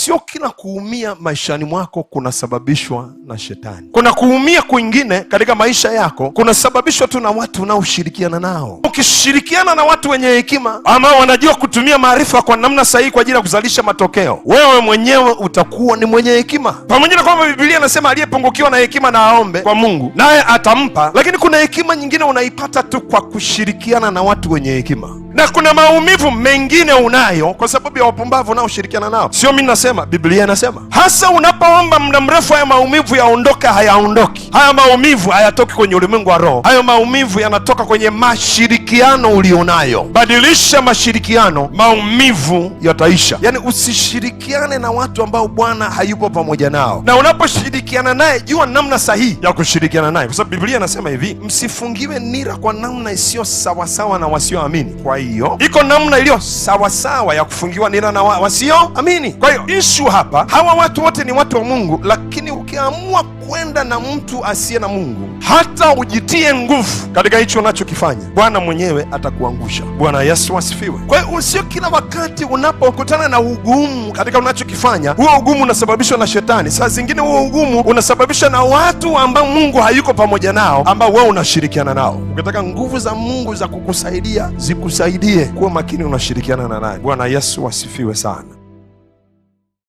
Sio kila kuumia maishani mwako kunasababishwa na shetani. Kuna kuumia kwingine katika maisha yako kunasababishwa tu na watu unaoshirikiana nao. Ukishirikiana na watu wenye hekima ambao wanajua kutumia maarifa kwa namna sahihi kwa ajili ya kuzalisha matokeo, wewe mwenyewe utakuwa ni mwenye hekima, pamoja na kwamba Biblia inasema aliyepungukiwa na hekima na aombe kwa Mungu naye atampa, lakini kuna hekima nyingine unaipata tu kwa kushirikiana na watu wenye hekima, na kuna maumivu mengine unayo kwa sababu ya wapumbavu unaoshirikiana nao. Sio mi nasema, Biblia inasema hasa unapoomba muda mrefu, haya maumivu yaondoke hayaondoki. Haya maumivu hayatoki kwenye ulimwengu wa roho, hayo maumivu yanatoka kwenye mashirikiano ulionayo. Badilisha mashirikiano, maumivu yataisha. Yani usishirikiane na watu ambao Bwana hayupo pamoja nao, na unaposhirikiana naye jua namna sahihi ya kushirikiana naye, kwa sababu Biblia inasema hivi, msifungiwe nira kwa namna isiyo sawasawa na wasioamini. Kwa hiyo iko namna iliyo sawasawa ya kufungiwa nira na wasioamini. Kwa hiyo ishu hapa, hawa watu wote ni watu wa Mungu, lakini ukiamua kwenda na mtu asiye na Mungu, hata ujitie nguvu katika hicho unachokifanya, Bwana mwenyewe atakuangusha. Bwana Yesu asifiwe. Kwa hiyo usio kila wakati unapokutana na ugumu katika unachokifanya, huo ugumu unasababishwa na shetani. Saa zingine huo ugumu unasababishwa na watu ambao Mungu hayuko pamoja nao, ambao wewe unashirikiana nao. Ukitaka nguvu za Mungu za kukusaidia zikusaidie, kuwa makini unashirikiana na naye. Bwana Yesu asifiwe sana.